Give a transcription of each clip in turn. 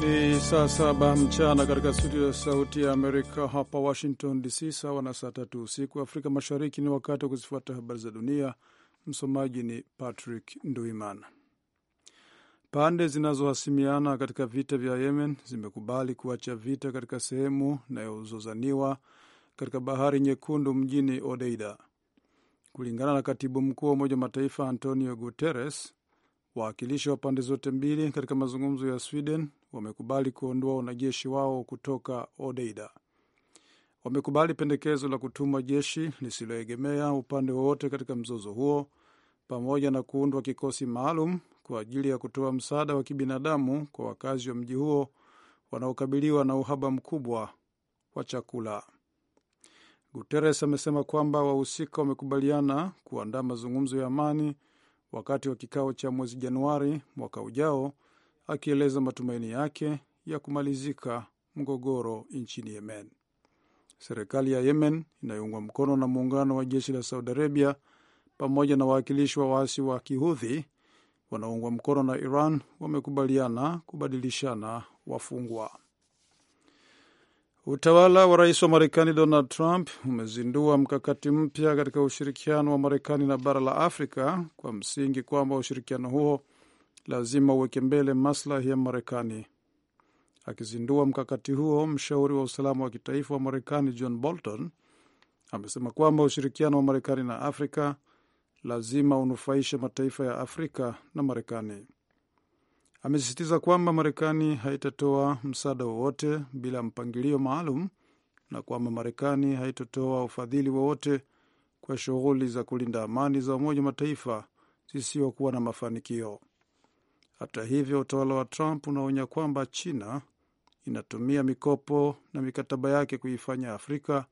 Ni saa saba mchana katika studio ya Sauti ya Amerika hapa Washington DC, sawa na saa tatu usiku Afrika Mashariki. Ni wakati wa kuzifuata habari za dunia. Msomaji ni Patrick Nduimana. Pande zinazohasimiana katika vita vya Yemen zimekubali kuacha vita katika sehemu inayozozaniwa katika Bahari Nyekundu mjini Odeida, kulingana na katibu mkuu wa Umoja wa Mataifa Antonio Guterres. Wawakilishi wa pande zote mbili katika mazungumzo ya Sweden wamekubali kuondoa wanajeshi wao kutoka Odeida. Wamekubali pendekezo la kutumwa jeshi lisiloegemea upande wowote katika mzozo huo pamoja na kuundwa kikosi maalum kwa ajili ya kutoa msaada wa kibinadamu kwa wakazi wa mji huo wanaokabiliwa na uhaba mkubwa wa chakula. Guterres amesema kwamba wahusika wamekubaliana kuandaa mazungumzo ya amani wakati wa kikao cha mwezi Januari mwaka ujao akieleza matumaini yake ya kumalizika mgogoro nchini Yemen. Serikali ya Yemen inayoungwa mkono na muungano wa jeshi la Saudi Arabia pamoja na wawakilishi wa waasi wa Kihudhi wanaoungwa mkono na Iran wamekubaliana kubadilishana wafungwa. Utawala wa rais wa Marekani Donald Trump umezindua mkakati mpya katika ushirikiano wa Marekani na bara la Afrika kwa msingi kwamba ushirikiano huo lazima uweke mbele maslahi ya Marekani. Akizindua mkakati huo, mshauri wa usalama wa kitaifa wa Marekani John Bolton amesema kwamba ushirikiano wa Marekani na Afrika lazima unufaishe mataifa ya Afrika na Marekani. Amesisitiza kwamba Marekani haitatoa msaada wowote bila mpangilio maalum na kwamba Marekani haitatoa ufadhili wowote kwa shughuli za kulinda amani za Umoja wa Mataifa zisizokuwa na mafanikio. Hata hivyo, utawala wa Trump unaonya kwamba China inatumia mikopo na mikataba yake kuifanya Afrika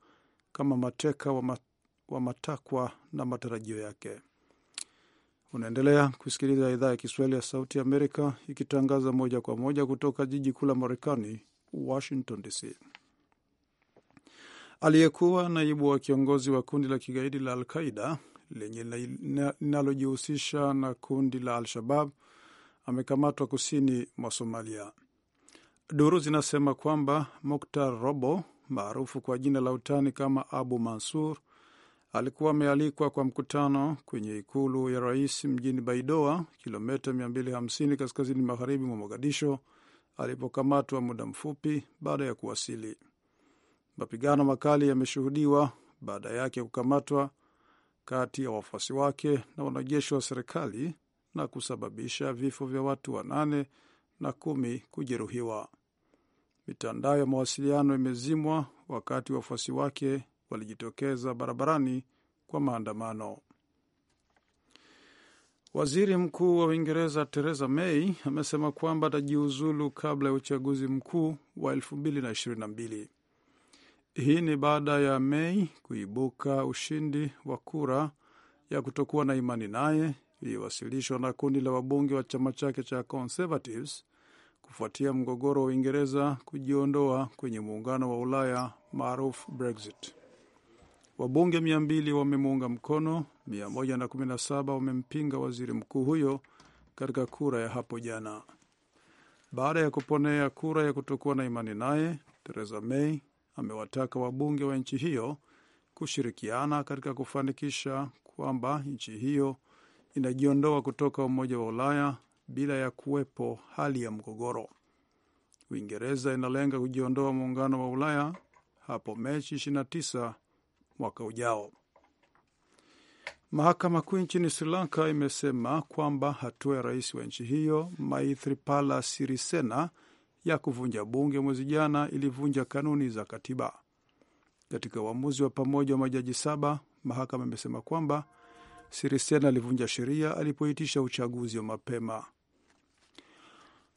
kama mateka wa, mat, wa matakwa na matarajio yake. Unaendelea kusikiliza idhaa ya Kiswahili ya Sauti Amerika ikitangaza moja kwa moja kutoka jiji kuu la Marekani, Washington DC. Aliyekuwa naibu wa kiongozi wa kundi la kigaidi la Alqaida lenye linalojihusisha na kundi la Al-Shabab amekamatwa kusini mwa Somalia. Duru zinasema kwamba Moktar Robo maarufu kwa jina la utani kama Abu Mansur alikuwa amealikwa kwa mkutano kwenye ikulu ya rais mjini Baidoa, kilomita 250 kaskazini magharibi mwa Mogadisho, alipokamatwa muda mfupi baada ya kuwasili. Mapigano makali yameshuhudiwa baada yake kukamatwa kati ya wafuasi wake na wanajeshi wa serikali na kusababisha vifo vya watu wanane na kumi kujeruhiwa. Mitandao ya mawasiliano imezimwa wakati wafuasi wake walijitokeza barabarani kwa maandamano. Waziri Mkuu wa Uingereza Theresa May amesema kwamba atajiuzulu kabla ya uchaguzi mkuu wa 2022. Hii ni baada ya May kuibuka ushindi wa kura ya kutokuwa na imani naye iliyowasilishwa na kundi la wabunge wa chama chake cha Conservatives kufuatia mgogoro wa Uingereza kujiondoa kwenye muungano wa Ulaya maarufu Brexit. Wabunge 200 wamemuunga mkono, 117 wamempinga waziri mkuu huyo katika kura ya hapo jana. Baada ya kuponea kura ya kutokuwa na imani naye, Theresa May amewataka wabunge wa nchi hiyo kushirikiana katika kufanikisha kwamba nchi hiyo inajiondoa kutoka Umoja wa Ulaya bila ya kuwepo hali ya mgogoro. Uingereza inalenga kujiondoa muungano wa Ulaya hapo Mechi 29 mwaka ujao. Mahakama Kuu nchini Sri Lanka imesema kwamba hatua ya rais wa nchi hiyo Maithripala Sirisena ya kuvunja bunge mwezi jana ilivunja kanuni za katiba. Katika uamuzi wa pamoja wa majaji saba, mahakama imesema kwamba Sirisen alivunja sheria alipoitisha uchaguzi wa mapema.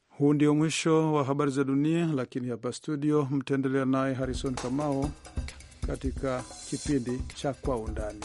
Huu ndio mwisho wa habari za dunia, lakini hapa studio mtaendelea naye Harrison Kamao katika kipindi cha Kwa Undani.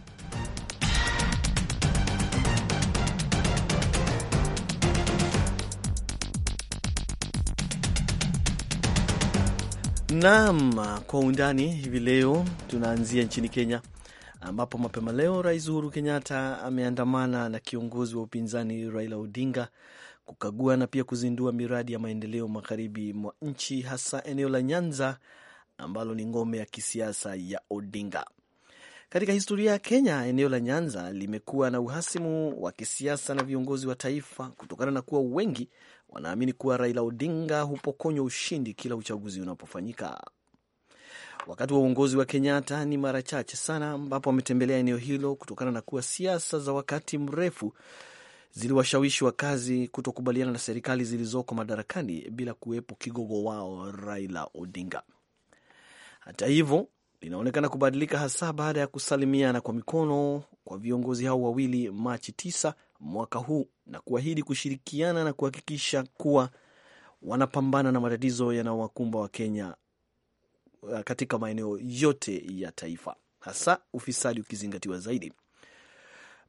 Naam, kwa undani hivi leo tunaanzia nchini Kenya ambapo mapema leo Rais Uhuru Kenyatta ameandamana na kiongozi wa upinzani Raila Odinga kukagua na pia kuzindua miradi ya maendeleo magharibi mwa nchi, hasa eneo la Nyanza ambalo ni ngome ya kisiasa ya Odinga. Katika historia ya Kenya, eneo la Nyanza limekuwa na uhasimu wa kisiasa na viongozi wa taifa kutokana na kuwa wengi wanaamini kuwa Raila Odinga hupokonywa ushindi kila uchaguzi unapofanyika. Wakati wa uongozi wa Kenyatta ni mara chache sana ambapo wametembelea eneo hilo kutokana na kuwa siasa za wakati mrefu ziliwashawishi wakazi kutokubaliana na serikali zilizoko madarakani bila kuwepo kigogo wao Raila Odinga. Hata hivyo, linaonekana kubadilika hasa baada ya kusalimiana kwa mikono kwa viongozi hao wawili Machi mwaka huu na kuahidi kushirikiana na kuhakikisha kuwa wanapambana na matatizo yanayowakumba kenya uh, katika maeneo yote ya taifa, hasa ufisadi ukizingatiwa zaidi.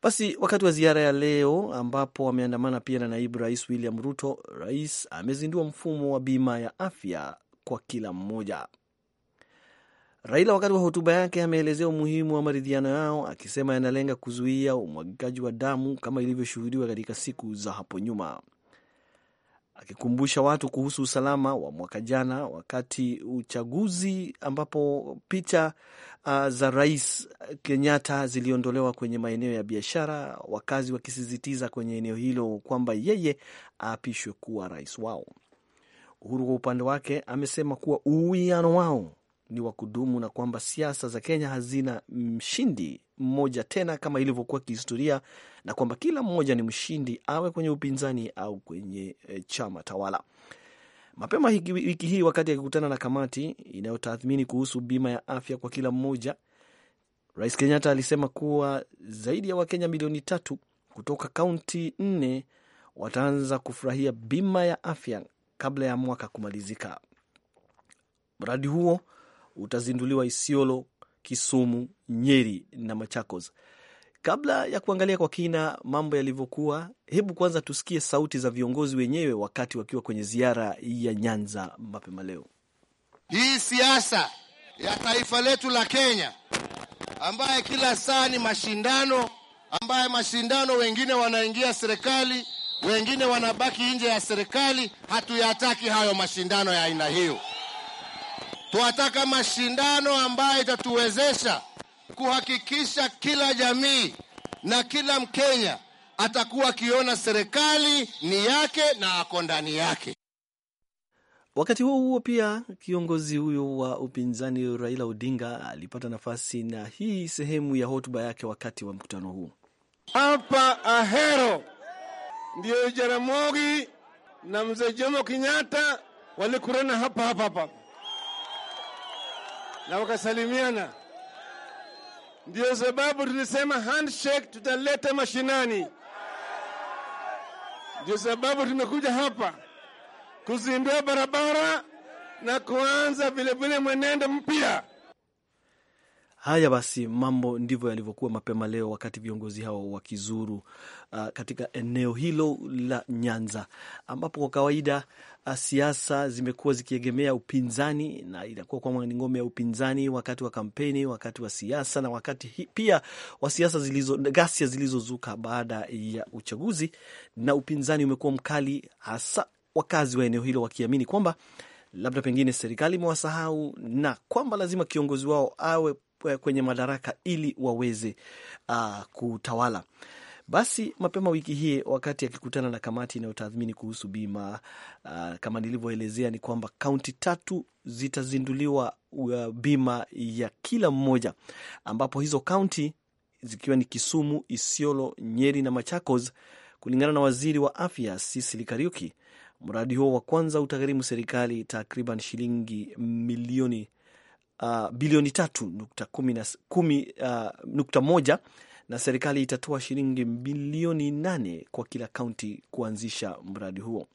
Basi wakati wa ziara ya leo ambapo ameandamana pia na naibu rais William Ruto, rais amezindua mfumo wa bima ya afya kwa kila mmoja. Raila wakati wa hotuba yake ameelezea umuhimu wa maridhiano yao akisema yanalenga kuzuia umwagikaji wa damu kama ilivyoshuhudiwa katika siku za hapo nyuma, akikumbusha watu kuhusu usalama wa mwaka jana wakati uchaguzi ambapo picha uh, za Rais Kenyatta ziliondolewa kwenye maeneo ya biashara, wakazi wakisisitiza kwenye eneo hilo kwamba yeye aapishwe kuwa rais wao. Uhuru kwa upande wake amesema kuwa uwiano wao ni wa kudumu na kwamba siasa za Kenya hazina mshindi mmoja tena kama ilivyokuwa kihistoria, na kwamba kila mmoja ni mshindi, awe kwenye upinzani au kwenye eh, chama tawala. Mapema hiki, wiki hii wakati akikutana na kamati inayotathmini kuhusu bima ya afya kwa kila mmoja, Rais Kenyatta alisema kuwa zaidi ya Wakenya milioni tatu kutoka kaunti nne wataanza kufurahia bima ya afya kabla ya mwaka kumalizika. Mradi huo utazinduliwa Isiolo, Kisumu, Nyeri na Machakos. Kabla ya kuangalia kwa kina mambo yalivyokuwa, hebu kwanza tusikie sauti za viongozi wenyewe wakati wakiwa kwenye ziara ya Nyanza mapema leo. Hii siasa ya taifa letu la Kenya ambaye kila saa ni mashindano, ambaye mashindano wengine wanaingia serikali, wengine wanabaki nje ya serikali, hatuyataki hayo mashindano ya aina hiyo. Tunataka mashindano ambayo itatuwezesha kuhakikisha kila jamii na kila Mkenya atakuwa akiona serikali ni yake na ako ndani yake. Wakati huo huo pia kiongozi huyo wa upinzani Raila Odinga alipata nafasi, na hii sehemu ya hotuba yake wakati wa mkutano huu. Hapa Ahero ndiyo Jaramogi na mzee Jomo Kenyatta walikurana hapa hapa hapa na wakasalimiana. ndio sababu tulisema handshake tutaleta mashinani. ndio sababu tumekuja hapa kuzindua barabara na kuanza vilevile mwenendo mpya. Haya basi, mambo ndivyo yalivyokuwa mapema leo wakati viongozi hao wakizuru uh, katika eneo hilo la Nyanza, ambapo kwa kawaida uh, siasa zimekuwa zikiegemea upinzani na inakuwa kwa ni ngome ya upinzani wakati wa kampeni, wakati wa siasa na wakati hi, pia wa siasa zilizo ghasia zilizozuka baada ya uchaguzi, na upinzani umekuwa mkali, hasa wakazi wa eneo hilo wakiamini kwamba labda pengine serikali imewasahau na kwamba lazima kiongozi wao awe Eh, kwenye madaraka ili waweze uh, kutawala. Basi mapema wiki hii, wakati akikutana na kamati inayotathmini kuhusu bima uh, kama nilivyoelezea, ni kwamba kaunti tatu zitazinduliwa uh, bima ya kila mmoja, ambapo hizo kaunti zikiwa ni Kisumu, Isiolo, Nyeri na Machakos. Kulingana na waziri wa afya Sicily Kariuki, mradi huo wa kwanza utagharimu serikali takriban shilingi milioni uh, bilioni tatu nukta kumi na, kumi, uh, nukta moja na serikali itatoa shilingi bilioni nane kwa kila kaunti kuanzisha mradi huo.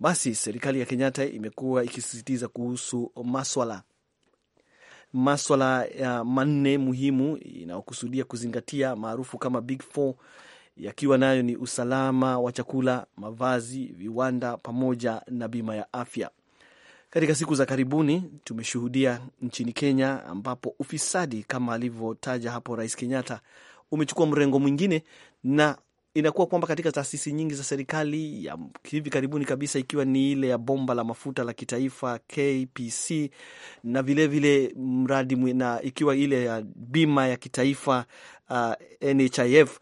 Basi serikali ya Kenyatta imekuwa ikisisitiza kuhusu maswala maswala ya manne muhimu inayokusudia kuzingatia maarufu kama Big Four, yakiwa nayo ni usalama wa chakula, mavazi, viwanda pamoja na bima ya afya. Katika siku za karibuni tumeshuhudia nchini Kenya ambapo ufisadi kama alivyotaja hapo Rais Kenyatta umechukua mrengo mwingine, na inakuwa kwamba katika taasisi nyingi za serikali ya hivi karibuni kabisa, ikiwa ni ile ya bomba la mafuta la kitaifa KPC, na vilevile vile mradi na ikiwa ile ya bima ya kitaifa uh, NHIF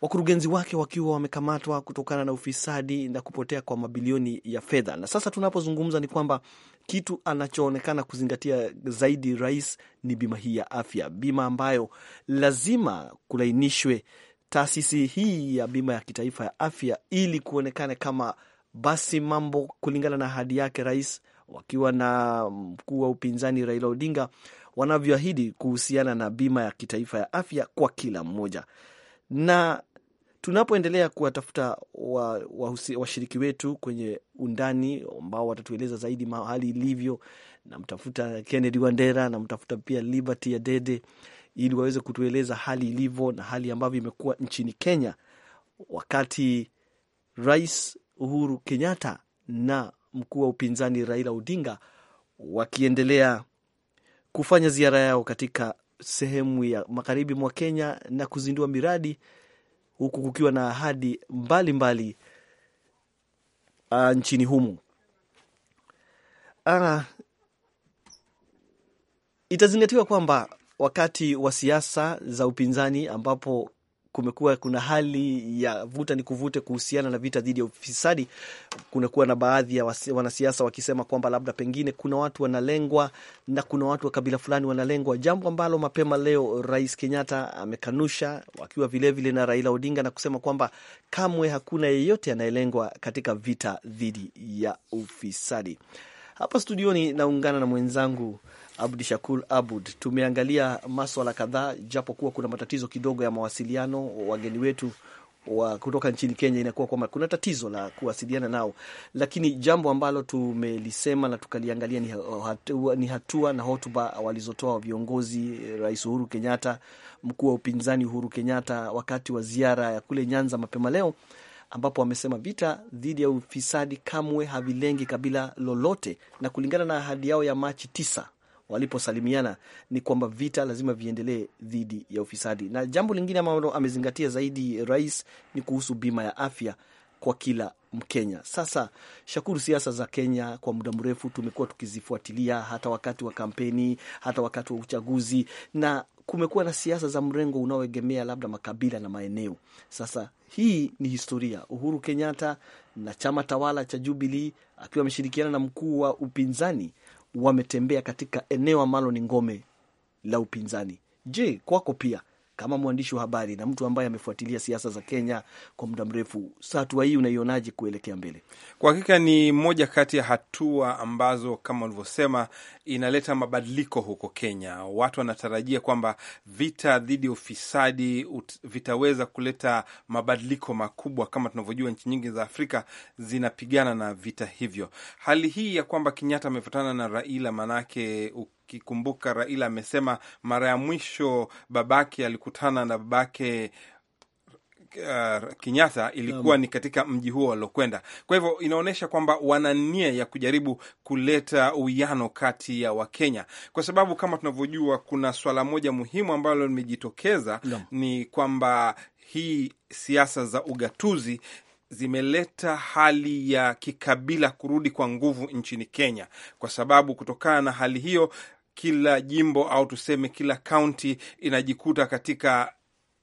wakurugenzi wake wakiwa wamekamatwa kutokana na ufisadi na kupotea kwa mabilioni ya fedha. Na sasa tunapozungumza ni kwamba kitu anachoonekana kuzingatia zaidi rais ni bima hii ya afya, bima ambayo lazima kulainishwe taasisi hii ya bima ya kitaifa ya afya ili kuonekana kama basi mambo kulingana na ahadi yake rais wakiwa na mkuu wa upinzani Raila Odinga wanavyoahidi kuhusiana na bima ya kitaifa ya afya kwa kila mmoja. Na tunapoendelea kuwatafuta washiriki wa wetu kwenye undani ambao watatueleza zaidi mahali ilivyo. Namtafuta Kennedy Wandera, namtafuta pia Liberty ya Dede ili waweze kutueleza hali ilivyo na hali ambavyo imekuwa nchini Kenya wakati Rais Uhuru Kenyatta na mkuu wa upinzani Raila Odinga wakiendelea kufanya ziara yao katika sehemu ya magharibi mwa Kenya na kuzindua miradi huku kukiwa na ahadi mbalimbali uh, nchini humu uh, itazingatiwa kwamba wakati wa siasa za upinzani ambapo kumekuwa kuna hali ya vuta ni kuvute kuhusiana na vita dhidi ya ufisadi. Kunakuwa na baadhi ya wanasiasa wakisema kwamba labda pengine kuna watu wanalengwa na kuna watu wa kabila fulani wanalengwa, jambo ambalo mapema leo Rais Kenyatta amekanusha, wakiwa vilevile na Raila Odinga na kusema kwamba kamwe hakuna yeyote anayelengwa katika vita dhidi ya ufisadi. Hapa studioni naungana na mwenzangu Abdi Shakul Abud, tumeangalia maswala kadhaa, japo kuwa kuna matatizo kidogo ya mawasiliano. Wageni wetu wa kutoka nchini Kenya inakuwa kwamba kuna tatizo la kuwasiliana nao, lakini jambo ambalo tumelisema na tukaliangalia ni hatua, ni hatua na hotuba walizotoa viongozi, eh, Rais Uhuru Kenyatta, mkuu wa upinzani Uhuru Kenyatta wakati wa ziara ya kule Nyanza mapema leo, ambapo wamesema vita dhidi ya ufisadi kamwe havilengi kabila lolote, na kulingana na ahadi yao ya Machi tisa waliposalimiana ni kwamba vita lazima viendelee dhidi ya ufisadi. Na jambo lingine ambalo amezingatia zaidi rais ni kuhusu bima ya afya kwa kila Mkenya. Sasa Shakuru, siasa za Kenya kwa muda mrefu tumekuwa tukizifuatilia, hata wakati wa kampeni, hata wakati wa uchaguzi, na kumekuwa na siasa za mrengo unaoegemea labda makabila na maeneo. Sasa hii ni historia. Uhuru Kenyatta na chama tawala cha Jubilee akiwa ameshirikiana na mkuu wa upinzani wametembea katika eneo ambalo ni ngome la upinzani. Je, kwako pia kama mwandishi wa habari na mtu ambaye amefuatilia siasa za Kenya kwa muda mrefu, hatua hii unaionaje kuelekea mbele? Kwa hakika ni moja kati ya hatua ambazo kama ulivyosema inaleta mabadiliko huko Kenya. Watu wanatarajia kwamba vita dhidi ya ufisadi vitaweza kuleta mabadiliko makubwa. Kama tunavyojua, nchi nyingi za Afrika zinapigana na vita hivyo. Hali hii ya kwamba Kenyatta amefutana na Raila, manake Kikumbuka Raila amesema mara ya mwisho babake alikutana na babake uh, Kenyatta ilikuwa ni katika mji huo waliokwenda Kwa hivyo inaonyesha kwamba wana nia ya kujaribu kuleta uwiano kati ya Wakenya, kwa sababu kama tunavyojua kuna swala moja muhimu ambalo limejitokeza ni kwamba hii siasa za ugatuzi zimeleta hali ya kikabila kurudi kwa nguvu nchini Kenya, kwa sababu kutokana na hali hiyo kila jimbo au tuseme kila kaunti inajikuta katika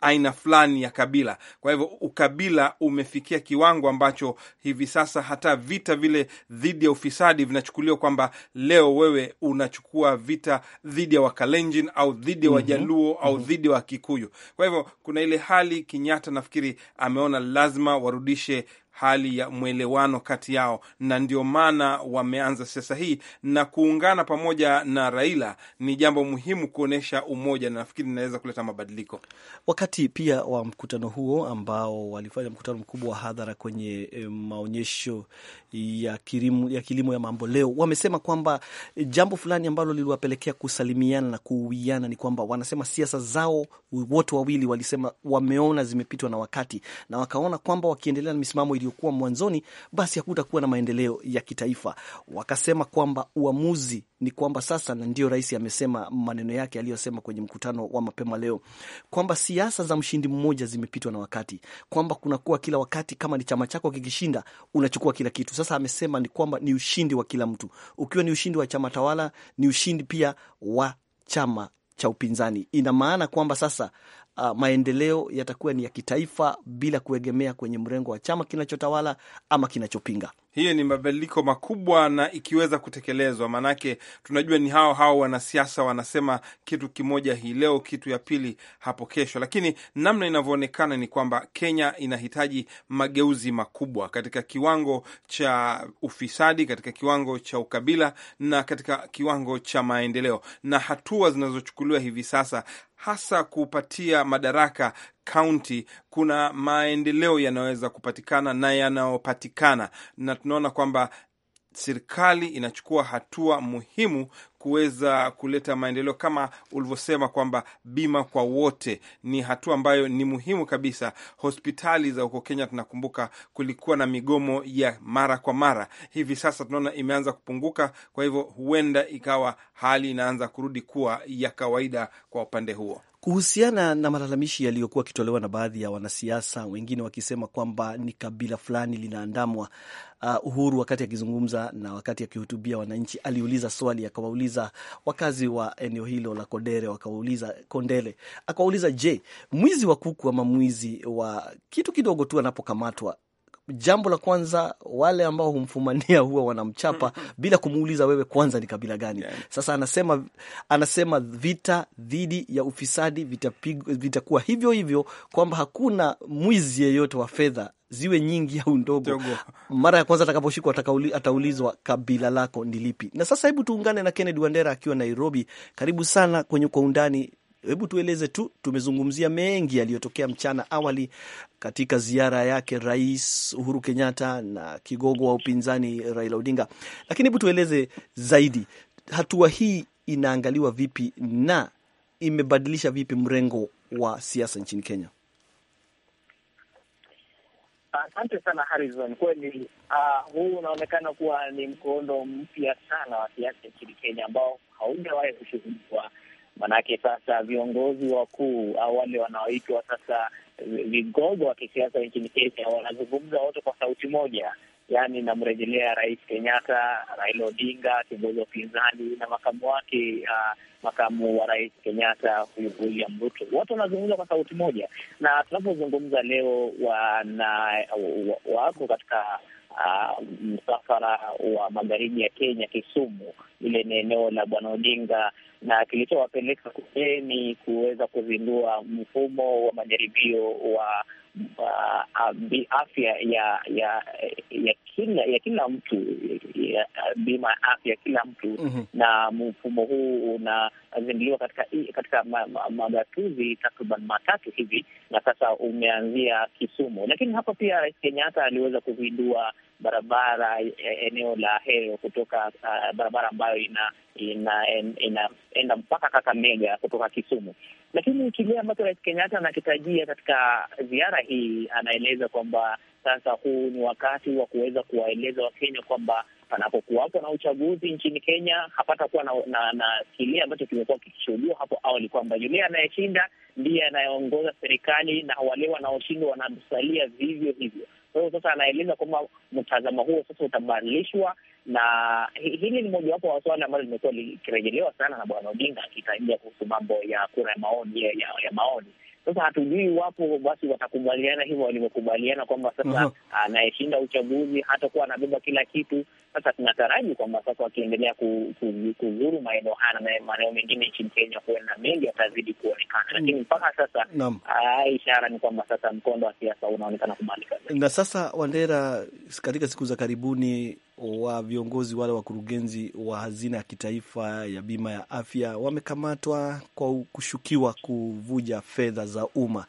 aina fulani ya kabila. Kwa hivyo ukabila umefikia kiwango ambacho hivi sasa hata vita vile dhidi ya ufisadi vinachukuliwa kwamba leo wewe unachukua vita dhidi ya Wakalenjin au dhidi ya mhm. Wajaluo au mhm. dhidi ya Wakikuyu. Kwa hivyo kuna ile hali kinyatta nafikiri ameona lazima warudishe hali ya mwelewano kati yao, na ndio maana wameanza siasa hii na kuungana pamoja na Raila. Ni jambo muhimu kuonyesha umoja, na nafikiri inaweza kuleta mabadiliko. Wakati pia wa mkutano huo ambao walifanya mkutano mkubwa wa hadhara kwenye eh, maonyesho ya kilimo ya, kilimo ya mambo leo, wamesema kwamba eh, jambo fulani ambalo liliwapelekea kusalimiana na kuuiana ni kwamba wanasema siasa zao wote wawili walisema wameona zimepitwa na wakati na wakaona kwamba wakiendelea na misimamo iliyo ulivyokuwa mwanzoni, basi hakutakuwa na maendeleo ya kitaifa. Wakasema kwamba uamuzi ni kwamba sasa, na ndiyo rais amesema maneno yake aliyosema kwenye mkutano wa mapema leo kwamba siasa za mshindi mmoja zimepitwa na wakati, kwamba kunakuwa kila wakati kama ni chama chako kikishinda unachukua kila kitu. Sasa amesema ni kwamba ni ushindi wa kila mtu, ukiwa ni ushindi wa chama tawala, ni ushindi pia wa chama cha upinzani. Ina maana kwamba sasa uh, maendeleo yatakuwa ni ya kitaifa bila kuegemea kwenye mrengo wa chama kinachotawala ama kinachopinga. Hiyo ni mabadiliko makubwa, na ikiweza kutekelezwa, maanake tunajua ni hao hao wanasiasa wanasema kitu kimoja hii leo, kitu ya pili hapo kesho, lakini namna inavyoonekana ni kwamba Kenya inahitaji mageuzi makubwa katika kiwango cha ufisadi, katika kiwango cha ukabila na katika kiwango cha maendeleo, na hatua zinazochukuliwa hivi sasa hasa kupatia madaraka kaunti kuna maendeleo yanayoweza kupatikana na yanayopatikana, na tunaona kwamba serikali inachukua hatua muhimu kuweza kuleta maendeleo kama ulivyosema kwamba bima kwa wote ni hatua ambayo ni muhimu kabisa. Hospitali za huko Kenya, tunakumbuka kulikuwa na migomo ya mara kwa mara, hivi sasa tunaona imeanza kupunguka. Kwa hivyo huenda ikawa hali inaanza kurudi kuwa ya kawaida kwa upande huo kuhusiana na malalamishi yaliyokuwa akitolewa na baadhi ya wanasiasa wengine wakisema kwamba ni kabila fulani linaandamwa. Uh, Uhuru wakati akizungumza na wakati akihutubia wananchi aliuliza swali, akawauliza wakazi wa eneo hilo la Kodere, wakawauliza Kondele, akawauliza je, mwizi wa kuku ama mwizi wa kitu kidogo tu anapokamatwa jambo la kwanza wale ambao humfumania huwa wanamchapa bila kumuuliza wewe kwanza ni kabila gani. Sasa anasema, anasema vita dhidi ya ufisadi vitakuwa vita hivyo hivyo, kwamba hakuna mwizi yeyote wa fedha ziwe nyingi au ndogo. Mara ya kwanza atakaposhikwa ataulizwa kabila lako ni lipi. Na sasa hebu tuungane na Kennedy Wandera akiwa Nairobi. Karibu sana kwenye Kwa Undani hebu tueleze tu, tumezungumzia mengi yaliyotokea mchana awali katika ziara yake Rais Uhuru Kenyatta na kigogo wa upinzani Raila Odinga, lakini hebu tueleze zaidi, hatua hii inaangaliwa vipi na imebadilisha vipi mrengo wa siasa nchini Kenya? Asante uh, sana Harrison. Kweli uh, huu unaonekana kuwa ni mkondo mpya sana wa siasa nchini Kenya ambao haujawahi kushuhudiwa Maanake sasa viongozi wakuu au wale wanaoitwa sasa vigogo wa kisiasa nchini Kenya wanazungumza wote kwa sauti moja, yaani namrejelea Rais Kenyatta, Raila Odinga kiongozi wa upinzani na makamu wake uh, makamu wa rais Kenyatta huyu William Ruto, wote wanazungumza kwa sauti moja, na tunapozungumza leo wako katika Uh, msafara wa magharibi ya Kenya, Kisumu. Ile ni eneo la Bwana Odinga na kilichowapeleka kule ni kuweza kuzindua mfumo wa majaribio wa uh, afya ya ya ya kila ya kila mtu ya bima ya afya ya kila mtu mm -hmm. Na mfumo huu unazinduliwa katika katika magatuzi ma, ma, takriban matatu hivi, na sasa umeanzia Kisumu. Lakini hapa pia Rais Kenyatta aliweza kuzindua barabara e, eneo la heo kutoka uh, barabara ambayo ina inaenda ina, ina mpaka Kakamega kutoka Kisumu. Lakini kile ambacho Rais Kenyatta anakitajia katika ziara hii, anaeleza kwamba sasa huu ni wakati wa kuweza kuwaeleza Wakenya kwamba panapokuwapo na uchaguzi nchini Kenya hapatakuwa na, na, na kile ambacho kimekuwa kikishuhudiwa hapo awali kwamba yule anayeshinda ndiye anayeongoza serikali na wale wanaoshindwa wanasalia vivyo hivyo. Kwa hiyo sasa anaeleza kwamba mtazamo huo sasa utabadilishwa, na hili ni mojawapo wa swala ambalo limekuwa likirejelewa sana na Bwana Odinga akitarajia kuhusu mambo ya kura ya maoni ya, ya maoni sasa hatujui iwapo basi watakubaliana hivyo walivyokubaliana kwamba sasa mhm. anayeshinda uh -huh. uchaguzi hatakuwa anabeba kila kitu. Sasa tunataraji kwamba sasa wakiendelea kuzuru maeneo haya na maeneo mengine nchini Kenya, kuenda mengi yatazidi kuonekana, mm. lakini mm. mpaka sasa uh, ishara ni kwamba sasa mkondo wa siasa unaonekana kubalika Na sasa Wandera, katika siku za karibuni wa viongozi wale wakurugenzi wa hazina ya kitaifa ya bima ya afya wamekamatwa kwa kushukiwa kuvuja fedha za umma.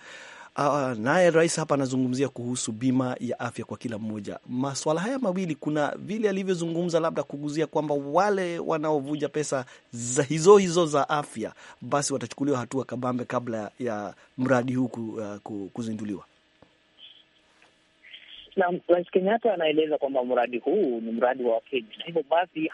Uh, naye rais hapa anazungumzia kuhusu bima ya afya kwa kila mmoja. Maswala haya mawili kuna vile alivyozungumza, labda kuguzia kwamba wale wanaovuja pesa za hizo hizo za afya basi watachukuliwa hatua kabambe kabla ya mradi huu ah, kuzinduliwa na Rais Kenyatta anaeleza kwamba mradi huu ni mradi wa Wakenya, na hivyo basi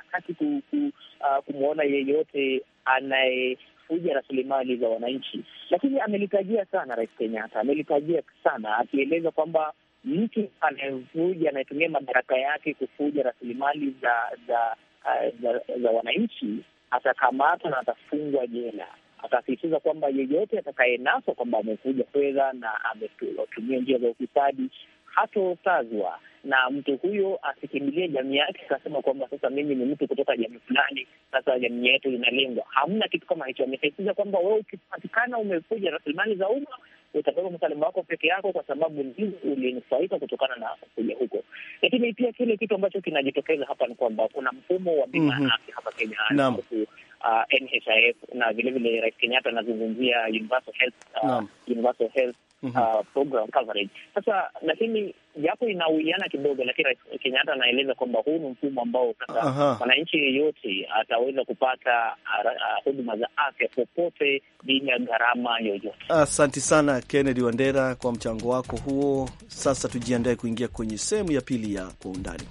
hataki ku, ku, uh, kumwona yeyote anaye kuja rasilimali za wananchi, lakini amelitajia sana Rais Kenyatta, amelitajia sana akieleza kwamba mtu anayevuja anayetumia madaraka yake kufuja rasilimali za za, uh, za za wananchi atakamatwa na atafungwa jela. Atasisitiza kwamba yeyote atakayenaswa kwamba amevuja fedha na ametumia njia za ufisadi hatotazwa na mtu huyo asikimbilie jamii yake akasema kwamba sasa mimi ni mtu kutoka jamii fulani, sasa jamii yetu inalengwa. Hamna kitu kama hicho. Amesisitiza kwamba wewe ukipatikana umekuja rasilimali za umma utabeba msalaba wako peke yako, kwa sababu ndio ulinufaika kutokana na kuja huko. Lakini pia kile kitu ambacho kinajitokeza hapa ni kwamba kuna mfumo wa bima ya mm -hmm. afya hapa Kenya kuhusu uh, NHIF na vilevile Rais Kenyatta anazungumzia universal health, uh, universal health mm -hmm. uh, program coverage. Sasa lakini japo inawiana kidogo, lakini Kenyatta anaeleza kwamba huu ni mfumo ambao sasa mwananchi yeyote ataweza kupata uh, uh, huduma za afya popote bila gharama yoyote. Asante sana Kennedy Wandera kwa mchango wako huo. Sasa tujiandae kuingia kwenye sehemu ya pili ya kwa undani.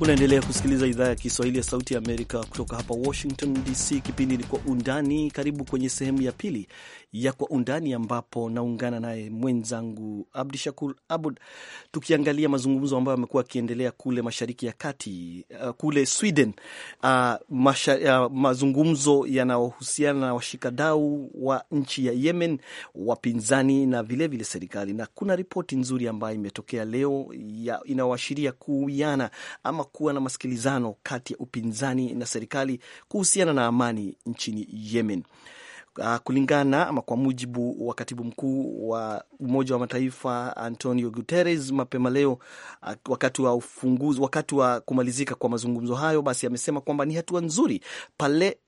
Unaendelea kusikiliza idhaa ya Kiswahili ya Sauti ya Amerika kutoka hapa Washington DC. Kipindi ni Kwa Undani. Karibu kwenye sehemu ya pili ya Kwa Undani, ambapo naungana naye mwenzangu Abdu Shakur Abud tukiangalia mazungumzo ambayo amekuwa akiendelea kule mashariki ya kati, uh, kule Sweden uh, masha, uh, mazungumzo yanayohusiana na washikadau wa nchi ya Yemen, wapinzani na vilevile vile serikali, na kuna ripoti nzuri ambayo imetokea leo inayoashiria kuwiana ama kuwa na masikilizano kati ya upinzani na serikali kuhusiana na amani nchini Yemen. Uh, kulingana ama kwa mujibu wa katibu mkuu wa Umoja wa Mataifa Antonio Guterres mapema leo, uh, wakati wa ufunguzi, wakati wa kumalizika kwa mazungumzo hayo, basi amesema kwamba ni hatua nzuri pale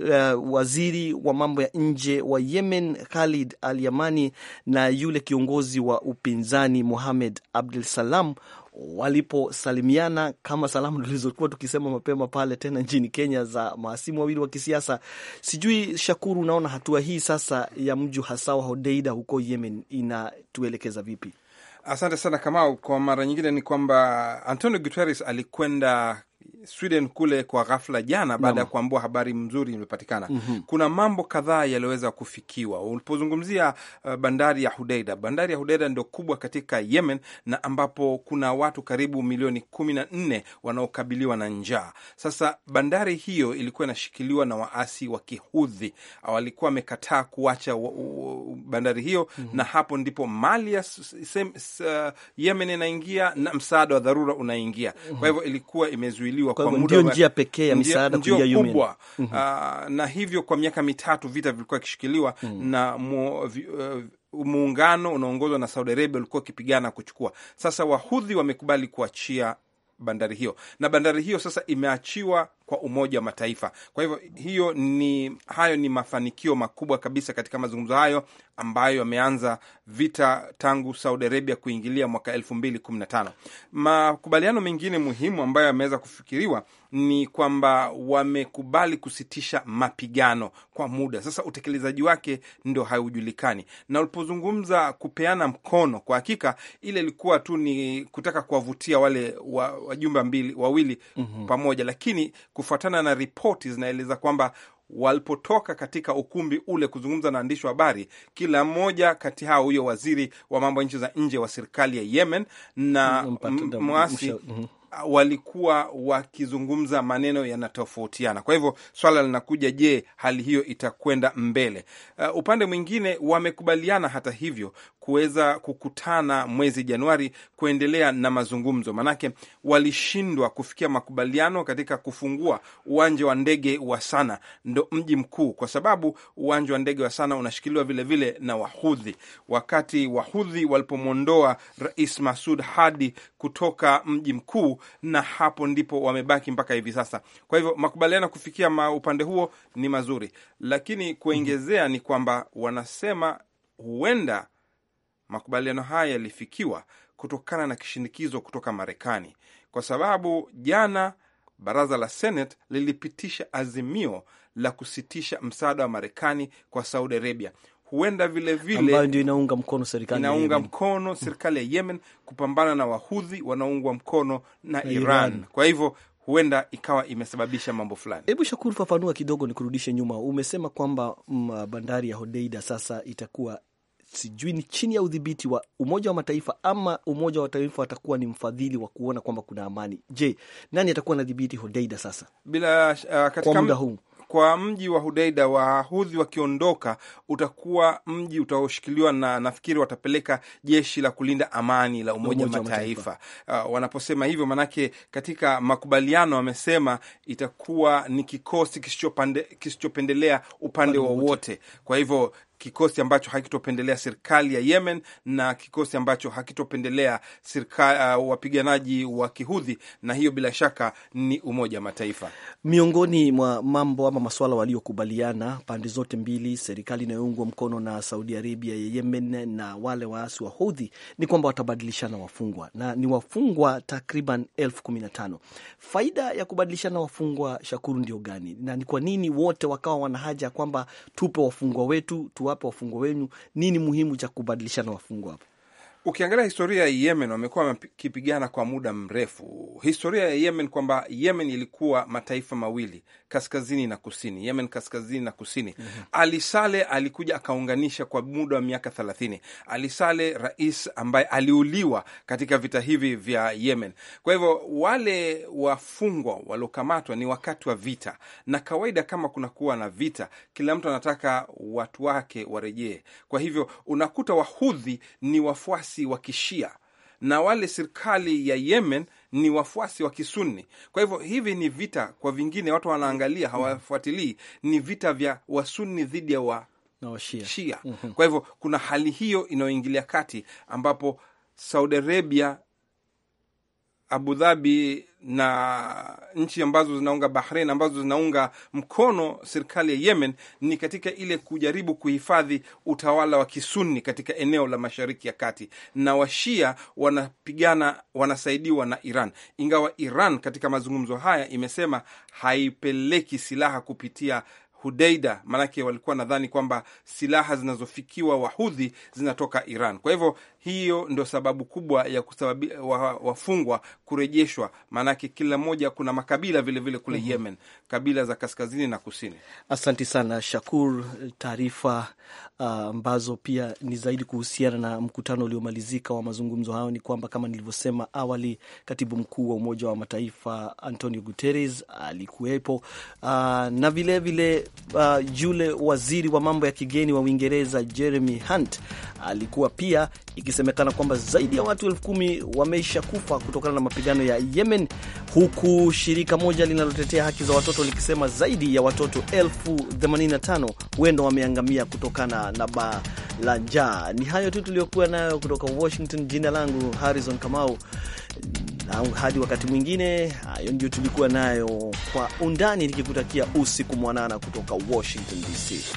Uh, waziri wa mambo ya nje wa Yemen Khalid Al Yamani na yule kiongozi wa upinzani Mohamed Abdul Salam waliposalimiana kama salamu tulizokuwa tukisema mapema pale tena nchini Kenya za mahasimu wawili wa kisiasa. Sijui Shakuru, unaona hatua hii sasa ya mji hasa wa Hodeida huko Yemen inatuelekeza vipi? Asante sana Kamau. Kwa mara nyingine ni kwamba Antonio Guterres alikwenda Sweden kule kwa ghafla jana, baada ya kuambua habari mzuri imepatikana. mm -hmm. Kuna mambo kadhaa yaliyoweza kufikiwa. Ulipozungumzia uh, bandari ya Hudaida, bandari ya Hudeida ndio kubwa katika Yemen na ambapo kuna watu karibu milioni kumi na nne wanaokabiliwa na njaa. Sasa bandari hiyo ilikuwa inashikiliwa na waasi wa Kihudhi, walikuwa wamekataa kuacha bandari hiyo mm -hmm. na hapo ndipo mali ya uh, Yemen inaingia na msaada wa dharura unaingia. Kwa mhm. hivyo ilikuwa imezuiliwa kwa ndio njia pekee ya misaada kuingia kubwa. Mm -hmm. Uh, na hivyo kwa miaka mitatu vita vilikuwa ikishikiliwa mm -hmm. na mu, uh, muungano unaongozwa na Saudi Arabia ulikuwa ukipigana kuchukua. Sasa wahudhi wamekubali kuachia bandari hiyo na bandari hiyo sasa imeachiwa kwa Umoja wa Mataifa. Kwa hivyo hiyo ni hayo ni mafanikio makubwa kabisa katika mazungumzo hayo ambayo yameanza vita tangu Saudi Arabia kuingilia mwaka elfu mbili kumi na tano. Makubaliano mengine muhimu ambayo yameweza kufikiriwa ni kwamba wamekubali kusitisha mapigano kwa muda sasa. Utekelezaji wake ndo haujulikani, na ulipozungumza kupeana mkono, kwa hakika ile ilikuwa tu ni kutaka kuwavutia wale wajumbe wa mbili wawili mm -hmm. pamoja, lakini kufuatana na ripoti zinaeleza kwamba walipotoka katika ukumbi ule kuzungumza na waandishi wa habari, kila mmoja kati hao, huyo waziri wa mambo ya nchi za nje wa serikali ya Yemen na mwasi walikuwa wakizungumza maneno yanatofautiana. Kwa hivyo swala linakuja, je, hali hiyo itakwenda mbele? Uh, upande mwingine wamekubaliana hata hivyo kuweza kukutana mwezi Januari kuendelea na mazungumzo, manake walishindwa kufikia makubaliano katika kufungua uwanja wa ndege wa Sana, ndo mji mkuu, kwa sababu uwanja wa ndege wa Sana unashikiliwa vilevile na Wahudhi. Wakati Wahudhi walipomwondoa Rais Masud Hadi kutoka mji mkuu, na hapo ndipo wamebaki mpaka hivi sasa. Kwa hivyo makubaliano kufikia upande huo ni mazuri, lakini kuongezea ni kwamba wanasema huenda makubaliano haya yalifikiwa kutokana na kishinikizo kutoka Marekani, kwa sababu jana baraza la Senate lilipitisha azimio la kusitisha msaada wa Marekani kwa Saudi Arabia huenda vilevile ambayo ndio inaunga mkono serikali inaunga ya mkono serikali ya Yemen kupambana na wahudhi wanaoungwa mkono na, na Iran. Iran. Kwa hivyo huenda ikawa imesababisha mambo fulani. Hebu Shakuru, fafanua kidogo, nikurudishe nyuma. Umesema kwamba mm, bandari ya Hodeida sasa itakuwa sijui ni chini ya udhibiti wa Umoja wa Mataifa ama Umoja wa Mataifa atakuwa ni mfadhili wa kuona kwamba kuna amani. Je, nani atakuwa anadhibiti Hodeida sasa bila uh, katika muda huu kwa mji wa Hudaida, wahudhi wakiondoka, utakuwa mji utaoshikiliwa na nafikiri watapeleka jeshi la kulinda amani la Umoja wa Mataifa. Uh, wanaposema hivyo, maanake katika makubaliano wamesema itakuwa ni kikosi kisichopendelea upande wowote. Kwa hivyo kikosi ambacho hakitopendelea serikali ya Yemen na kikosi ambacho hakitopendelea uh, wapiganaji wa Kihudhi, na hiyo bila shaka ni Umoja wa Mataifa. Miongoni mwa mambo ama maswala waliokubaliana pande zote mbili, serikali inayoungwa mkono na Saudi Arabia ya Yemen na wale waasi wa Hudhi ni kwamba watabadilishana wafungwa na ni wafungwa takriban elfu kumi na tano. Faida ya kubadilishana wafungwa, Shakuru, ndio gani na ni kwa nini wote wakawa wana haja ya kwamba tupe wafungwa wetu tu kuwapa wafungwa wenu, nini muhimu cha kubadilishana wafungwa hapo? Ukiangalia historia ya Yemen, wamekuwa wakipigana kwa muda mrefu. Historia ya Yemen kwamba Yemen ilikuwa mataifa mawili, kaskazini na kusini, Yemen kaskazini na kusini. mm -hmm. Ali Saleh alikuja akaunganisha kwa muda wa miaka thelathini. Ali Saleh, rais ambaye aliuliwa katika vita hivi vya Yemen. Kwa hivyo wale wafungwa waliokamatwa ni wakati wa vita, na kawaida kama kunakuwa na vita, kila mtu anataka watu wake warejee. Kwa hivyo unakuta wahudhi ni wafuasi wafuasi wa Kishia na wale serikali ya Yemen ni wafuasi wa Kisunni. Kwa hivyo hivi ni vita kwa vingine, watu wanaangalia hawafuatilii, ni vita vya Wasunni dhidi ya wa Shia, Shia. Mhm. Kwa hivyo kuna hali hiyo inayoingilia kati ambapo Saudi Arabia Abu Dhabi na nchi ambazo zinaunga Bahrain ambazo zinaunga mkono serikali ya Yemen ni katika ile kujaribu kuhifadhi utawala wa Kisunni katika eneo la Mashariki ya Kati, na Washia wanapigana, wanasaidiwa na Iran, ingawa Iran katika mazungumzo haya imesema haipeleki silaha kupitia Hudeida, maanake walikuwa nadhani kwamba silaha zinazofikiwa wahudhi zinatoka Iran. Kwa hivyo hiyo ndio sababu kubwa ya kusababisha wafungwa kurejeshwa, maanake kila moja kuna makabila vilevile vile kule mm -hmm. Yemen, kabila za kaskazini na kusini. Asanti sana Shakur, taarifa ah, ambazo uh, pia ni zaidi kuhusiana na mkutano uliomalizika wa mazungumzo hayo ni kwamba kama nilivyosema awali, katibu mkuu wa Umoja wa Mataifa Antonio Guterres alikuwepo uh, na vilevile uh, yule waziri wa mambo ya kigeni wa Uingereza Jeremy Hunt alikuwa pia, ikisemekana kwamba zaidi ya watu elfu kumi wameisha kufa kutokana na mapigano ya Yemen, huku shirika moja linalotetea haki za watoto likisema zaidi ya watoto elfu 85 huenda wameangamia kutokana na baa la njaa. Ni hayo tu tuliyokuwa nayo kutoka Washington. Jina langu Harrison Kamau na hadi wakati mwingine. Hayo ndio tulikuwa nayo kwa undani, nikikutakia usiku mwanana kutoka Washington DC.